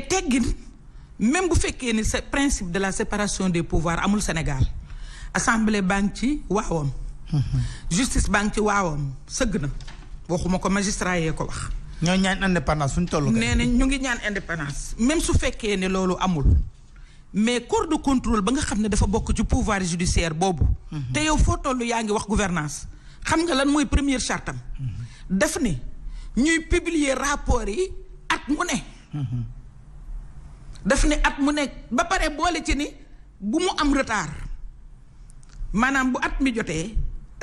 te teggin même bu fekkee ni sa principe de la séparation des pouvoirs amul Sénégal assemblée baa ngi ci waawam mhm. justice baa ngi ci waawam sëgg na waxuma ko magistrat yee ko wax ñoo ñaan indépendance suñ toll nee na ñu ngi ñaan indépendance même su fekkee ne loolu amul mais corps de contrôle ba nga xam ne dafa bokk ci pouvoir judiciaire boobu mhm. te yow foo toll yaa ngi wax gouvernance xam nga lan mooy première chartam mhm. daf ni ñuy publier rapport yi at mu ne daf ne at mu nekk ba pare boole ci ni bu mu am retard maanaam bu at mi jotee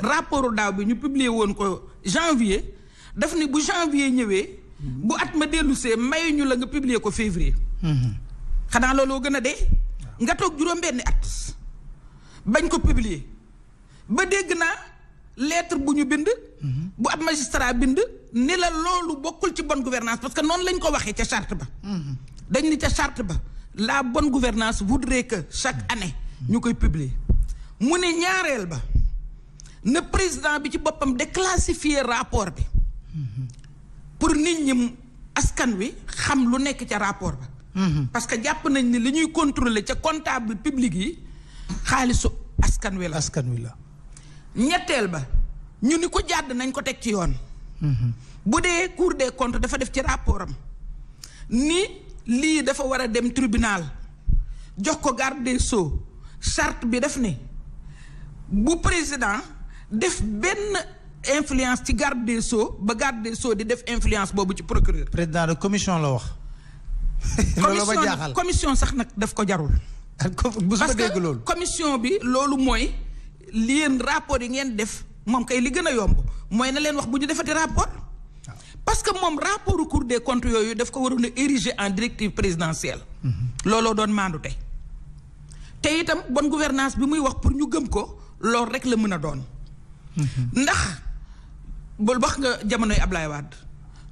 rapportu daaw bi ñu publier woon ko janvier daf ni bu janvier ñëwee bu at ma dellusee mayuñu la nga publier ko février xanaa looloo gën a de nga toog juróom-benni at bañ ko publier ba dégg naa lettre bu ñu bind bu ab magistrat bind ni la loolu bokkul ci bonne gouvernance parce que noonu lañ ko waxee ca charte ba dañ ni ca charte ba la bonne gouvernance voudrait que chaque mm. année ñu koy publier mu ne ñaareel ba na président bi ci boppam déclassifier rapport bi mm-hmm. pour nit ñi askan wi xam lu nekk ca rapport ba mm-hmm. parce que jàpp nañ ni li ñuy contrôler ca comptable public yi xaalisu askan wi la askan wi la ñetteel ba ñu ni ko jàdd nañ ko teg ci yoon mm-hmm. bu dee cour de comptes dafa def ci rapport am ni lii dafa war a dem tribunal jox ko garde des sceaux charte bi def ni bu président def benn influence ci garde de sceaux ba garde des sceaux di def influence boobu ci procureur. président de commission la wax. loolu ba jaaxal commission sax nag daf ko jarul. parce que commission bi loolu mooy li yéen rapport yi ngeen def moom kay li gën a yomb mooy na leen wax bu ñu defati rapport. parce que moom rapport Cour des comptes yooyu daf ko waroon a ériger en directive présidentielle. Mhm. looloo doon maandute. tey itam bonne gouvernance bi muy wax pour ñu gëm ko loolu rek la mën a doon. Mhm. ndax bul wax nga jamonoy Ablaye Wade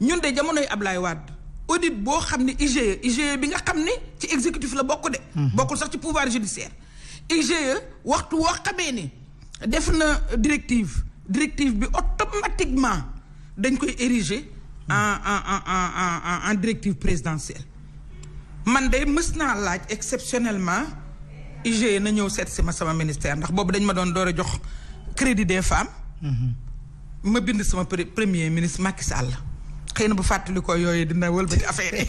ñun de jamonoy Ablaye Wade audit boo xam ne IGE IGE bi nga xam ne ci exécutif la bokk de. Mhm. bokkul sax ci pouvoir judiciaire. IGE waxtu woo xamee ni def na directive directive bi automatiquement dañ koy ériger. en en en en directive présidentielle man de mës naa laaj exceptionnellement IGE na ñëw seet si ma sama ministère ndax boobu dañ ma doon door a jox crédit des femmes. ma bind sama premier ministre Macky Sall. xëy na bu fàttali ko yooyu dina wëlbati affaire yi.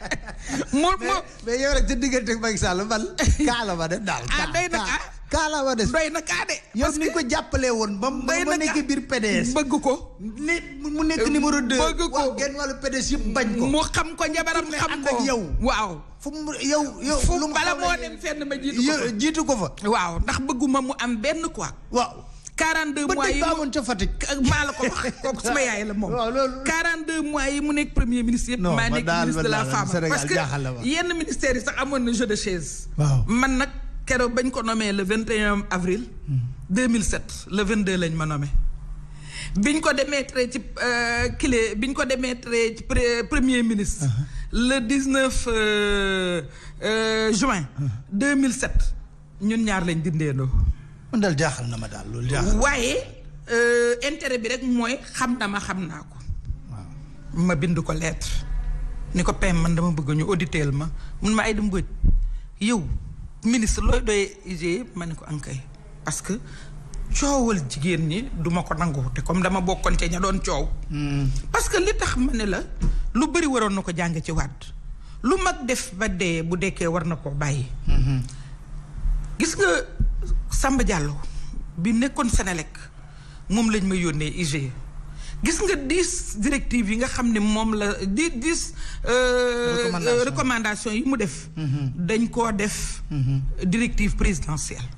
moo moo mais yow rek ca diggante Macky Sall man kaa dem daal. ah day na kaala wa des doy na kaa de. yow ni ko jàppalee woon ba mu nekk biir PDS. bëgg ko. ni mu nekk numéro 2. bëgg ko waaw genn wàllu PDS yëpp ko. mu xam ko njabaram xam ko yow. waaw fu mu yow yow. fu bala moo dem fenn ma jiitu ko fa jiitu ko fa. waaw ndax bëgguma mu am benn quoi. waaw. 42 mois yi ba amoon ca Fatick. maa la ko wax kooku sama yaay la moom. 42 mois yi mu nekk premier ministre yëpp. maa nekk ministre de la femme parce que yenn ministères yi sax amoon na jeu de chaise. waaw man nag. keroog bañ ko nommé le 21 avril. 2007 le 22 lañ ma nommé. biñ ko démettre ci euh, kile biñ ko démettre ci premier ministre. Uh-huh. le 19 euh, euh, juin. 2007 uh-huh. ñun ñaar lañ dindeendoo. man daal jaaxal na ma daal loolu jaaxal. waaye intérêt bi rek mooy xam na ma xam naa ko. ma bind ko lettre. ni ko PM man dama bëgg ñu auditeel ma mun ma ay dem bëj yow. ministre looy doyee IGE ma ne ko ankay parce que coowal jigéen ñi duma ko nangu te comme dama bokkoon ca ña doon coow. Hmm. parce que li tax ma ne la lu bëri waroon na ko jàng ci waat lu mag def ba dee bu dekkee war na koo bàyyi. Hmm. gis nga Samba Diallo bi nekkoon Senelec moom lañ may yónnee IGE. gis nga dix directives yi nga xam ne moom la di dix euh, recommandation yi mu def mm-hmm. dañ ko def mm-hmm. directive présidentielle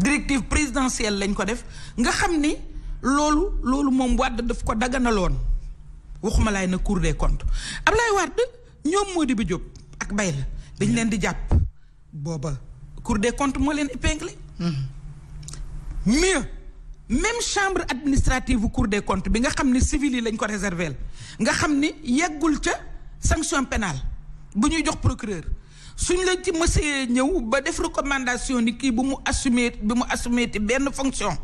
directive présidentielle lañ ko def nga xam ni loolu loolu moom Wade daf ko daganaloon waxuma laay na Cour des comptes Ablaye Wade ñoom Modibo Diop ak bay la dañ leen di jàpp booba Cour des comptes moo leen épinglé mm-hmm. mieux même chambre administrative cour des comptes bi nga xam ni civil yi lañ ko réserver nga xam ni yeggul ca sanction pénale bu ñuy jox procureur suñ la ci mësee ñëw ba def recommandation ni kii bu mu assumer bi mu assumer ti benn fonction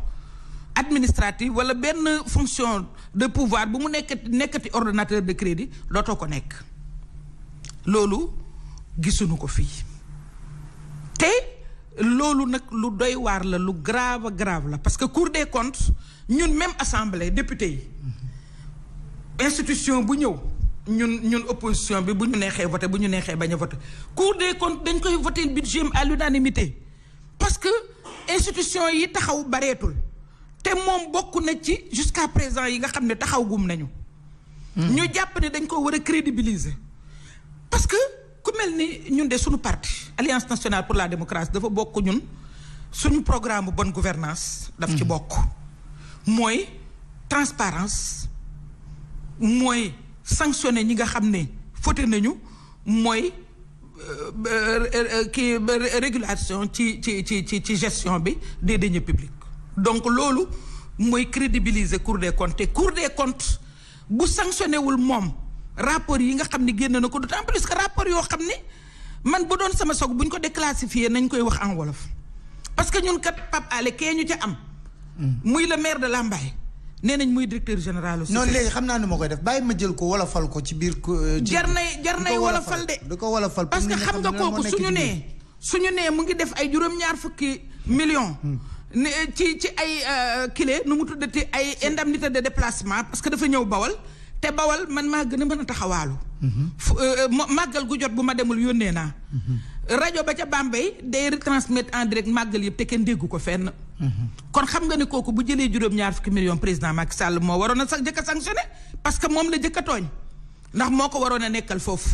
administrative wala benn fonction de pouvoir bu mu nekkati nekkati ordinateur de crédit dootoo ko nekk loolu gisuñu ko fii loolu nag lu doy waar la lu grave grave la parce que cour des comptes ñun même assemblée député yi institution bu ñëw ñun ñun opposition bi bu ñu neexee voté bu ñu neexee bañ a voté cour des comptes dañ koy voté budget à l'unanimité parce que institution yi taxaw bareetul te moom bokk na ci jusqu'à présent yi nga xam ne taxaw gum nañu. Hmm. ñu jàpp ne dañ ko war a crédibiliser parce que. ku mel ni ñun de suñu parti alliance nationale pour la démocratie dafa bokk ñun suñu programme bon gouvernance daf ci mm-hmm. bokk mooy transparence mooy sanctionner ñi nga xam ne fauté nañu mooy euh, euh, euh, kii régulation ci ci ci ci ci gestion bi des deniers publics donc loolu mooy crédibiliser Cour des comptes te Cour des comptes bu sanctionné wul moom rapport yi nga xam ni génn na ko d'autant plus que rapport yoo xam ne man bu doon sama soog bu ñu ko déclassifié nañ koy wax en wolof parce que ñun kat Pape Alé kee ñu ca am. muy le maire de Lambaye. nee nañ muy directeur général. aussi non léegi xam naa ni ma koy def bàyyi ma jël ko wolofal ko ci biir. Euh, jar nay jar nay wolofal de. du ko wolofal parce que xam nga kooku suñu nee. suñu nee mu ngi def ay juróom-ñaar fukki millions. Hmm. ci ci ay euh, kile nu mu tudd tuddati ay indemnité de déplacement parce que dafa ñëw bawal. te bawal man maa gën a mën a taxawaalu. Euh, euh, màggal gu jot bu ma demul yónnee naa. rajo ba ca baam Bambey day retransmettre en direct màggal yëpp te kenn déggu ko fenn. kon xam nga ne kooku bu jëlee juróom-ñaar fukki million président Macky Sall moo waroon a sax jëkk a sanctionné parce moom la jëkk a tooñ ndax moo ko waroon a nekkal foofu.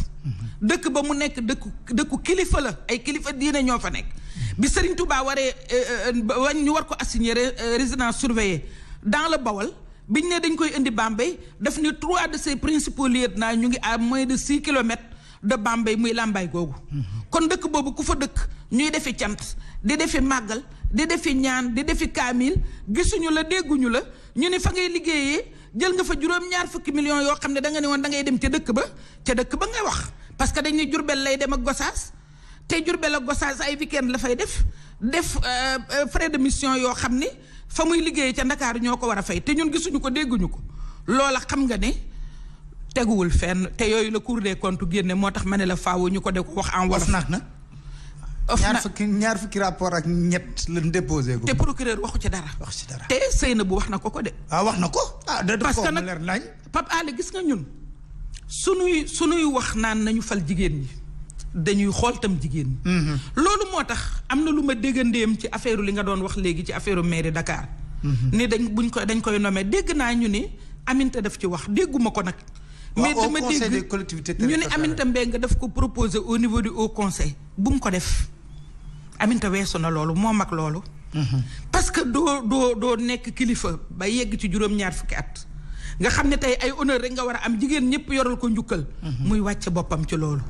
dëkk ba mu nekk dëkku dëkku kilifa la ay kilifa diine ñoo fa nekk. bi Serigne Touba waree euh, wañ ñu war ko assigner résidence surveillée dans le Bawol. biñ ne dañ koy indi Bambey daf ne trois de ses principaux lieutenants ñu ngi à moins de six kilomètres de Bambey muy làmbaay googu kon dëkk boobu ku fa dëkk ñuy defi cant di defi màggal di defi ñaan di defi kaamil gisuñu la dégguñu la ñu ne fa ngay liggéeyee jël nga fa juróom ñaar fukki millions yoo xam ne danga ne woon da ngay dem ca dëkk ba ca dëkk ba ngay wax parce que dañ ne lay dem ak Gosaas te Jurbel ak Gosaas ay weekend la fay def def euh, euh, frais de mission yoo xam ni fa muy liggéeyee ca ndakaaru ñoo ko war a fay te ñun gisuñu ko dégguñu ko loola xam nga ne teguwul fenn te yooyu la cour des comptes génne moo tax ma ne la faawu ñu ko de wax en wolof nax na ñaar fukki ñaar fukki rapport ak ñett lañ déposé ko. te procureur waxu ci dara. waxu ci dara te Seyna bu wax na ko ko de. ah wax na ko. ah da parce que nag gis nga ñun su nuy su nuy wax naan nañu fal jigéen ñi. dañuy xool tam jigéen mm-hmm. loolu moo tax am na lu ma déggandeem ci affaire li nga doon wax léegi ci affaire mairie Dakar. Mm-hmm. ni dañ buñ ko dañ koy nommé dégg naa ñu ni Aminta daf ci wax dégguma ko nag. mais dama dégg ñu ni Aminta Mbengue daf ko proposé au niveau du haut conseil bu mu ko def Aminta weesu na loolu moo mag loolu. Mm-hmm. parce que doo doo doo nekk kilifa ba yegg ci juróom fukki at. nga xam ne tey ay honneur rek nga war a am jigéen ñëpp yoral ko njukkal. muy wàcc boppam ci loolu.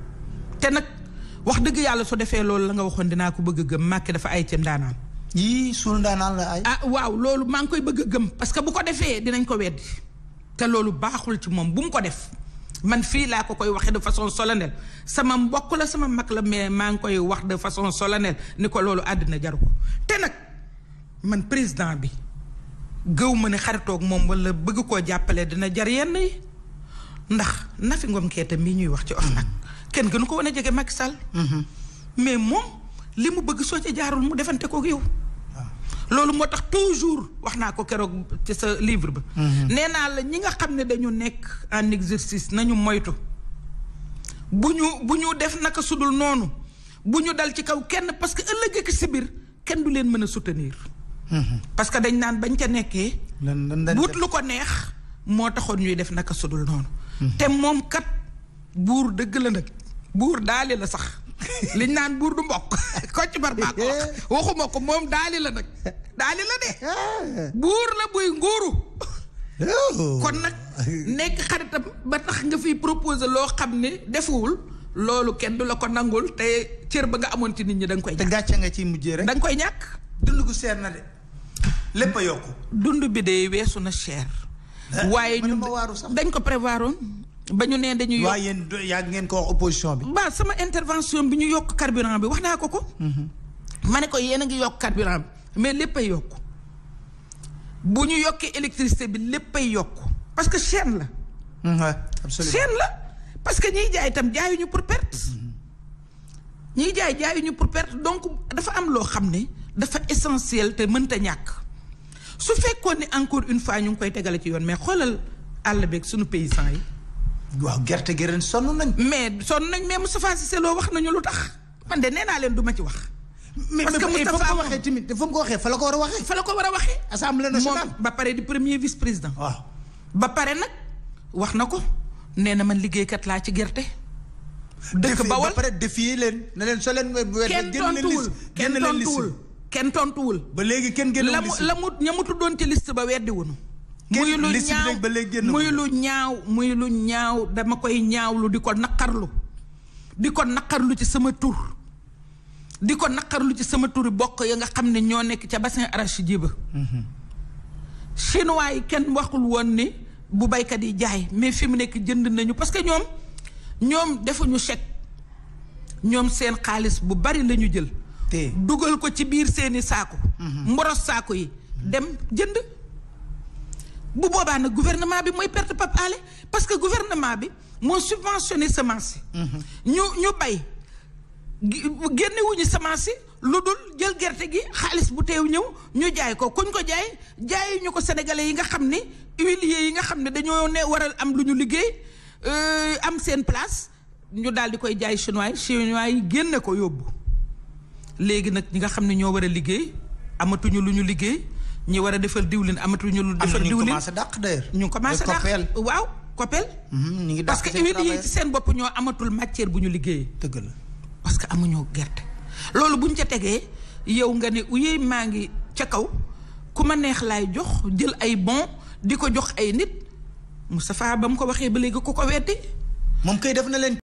te nag wax dëgg yàlla su defee loolu la nga waxoon dinaa ko bëgg gëm Macky dafa ay ci ndaanaan. yii suñu la ah, waaw loolu maa ngi koy bëgg gëm parce que bu ko defee dinañ ko weddi te loolu baaxul ci moom bu mu ko def man fii laa ko koy waxee de façon solennelle sama mbokk la sama mag la mais maa ngi koy wax de façon solennelle ni ko loolu àddina jaru ko te nag man président bi gëw ma ne xaritoog moom wala bëgg koo jàppale dina jar yenn yi ndax Nafi Ngom Keita mii ñuy wax ci OFNAC kenn gënu ko wane jege Macky Sall. Mm-hmm. mais moom li mu bëgg soo ci jaarul mu defante ko yow. Ah. loolu moo tax toujours wax naa ko keroog ci sa libre ba. Mm-hmm. nee naa la ñi nga xam ne dañu nekk en exercice nañu moytu. bu ñu bu ñu def naka sudul noonu bu ñu dal ci kaw kenn parce que ëllëg ak si biir kenn du leen mën a soutenir. Mm-hmm. parce que dañ naan bañ ca nekkee. wut lu ko neex moo taxoon ñuy def naka sudul noonu. te moom kat buur dëgg la nag. buur daali la sax liñ naan buur du mbokk koc bar maa ko waxuma ko moom daali la nag daali la de buur la buy nguuru oh. kon nag nekk xaritam ba tax nga fi proposer loo xam ne defuwul loolu kenn du la ko nangul te cër ba nga amoon ci nit ñi da koy ñàkk te nga ciy mujjee rek da koy ñàkk dund gu seer na de lépp a yokku dund bi de weesu na cher eh, waaye ñun dañ ko prévoiroon ba ñu nee dañuy. waaw yéen yaa ngeen ko wax opposition bi. ba sama intervention bi ñu yokk carburant bi wax naa ko ko. Mhm. ma ne ko yéen a ngi yokk carburant bi mais léppay yokk bu ñu yokkee électricité bi léppay yokk parce que chaîne la. waaw mhm, absolument la parce que ñiy jaay itam jaayuñu pour perte. Mhm. ñiy jaay jaayuñu pour perte donc dafa am loo xam ne dafa essentiel te mënta ñàkk su fekkoon ni encore une fois ñu ngi koy tegale ci yoon mais xoolal àll beeg suñu paysan yi. waaw gerte gi ren sonn nañ. mais sonn nañ mais Moustapha Cissé seloo wax nañu lu tax man de nee naa leen duma ci wax. parce que mu ko waxee tamit fa mu ko waxee fa la ko war a waxee. fa la ko war a waxee. assemblée nationale moom ba pare di premier vice président. waaw ba pare nag wax na ko nee na man liggéeykat laa ci gerte. dëkk Bawol ba pare défier leen na leen soo leen. kenn tontuwul kenn tontuwul kenn tontuwul. ba léegi kenn génnewul liste la mu ña doon tuddoon ci liste ba weddi wunu muy lu ñaaw muy lu ñaaw muy ñaaw dama koy ñaawlu di ko naqarlu di ko naqarlu ci sama tur di ko naqarlu ci sama turi bokk ya nga xam ne ñoo nekk ca bassin arachidier jiba mhm. chinois yi kenn waxul woon ni bu baykat yi jaay mais fi mu nekk jënd nañu parce que ñoom ñoom defuñu chèque ñoom seen xaalis bu bari la ñu jël dugal ko ci biir seeni saako mhm. mboros saako yi dem jënd bu boobaa nag gouvernement bi mooy perte Pape Alé parce que gouvernement bi moo subventionné semence yi. Mhm. ñu ñu bay génnewuñu wuñu semence yi lu dul jël gerte gi xaalis bu teew ñëw ñu jaay ko kuñ ko jaay jaayi ko sénégalais yi nga xam ni huiliers yi nga xam ne dañoo ne waral am lu ñu liggéey euh, am seen place ñu daal di koy jaay chinois yi chinois yi génne ko yóbbu léegi nag ñi nga xam ne ñoo war a liggéey amatuñu lu ñu liggéey. ñi war a defal diwlin amatuñu lu defal diwlin ñu commencé dàq d'ailleurs ñu commencé dàq waaw koppel mhm, ñu ngi dàq parce que huile ci seen bopp ñoo amatul matière bu ñu liggéeyee dëgg la parce que amuñu gerte loolu buñ ca tegee yow nga ne uyee maa ngi ca kaw ku ma neex laay jox jël ay bon di ko jox ay nit Moustapha ba mu ko waxee ba léegi ku ko weddi moom kay def na leen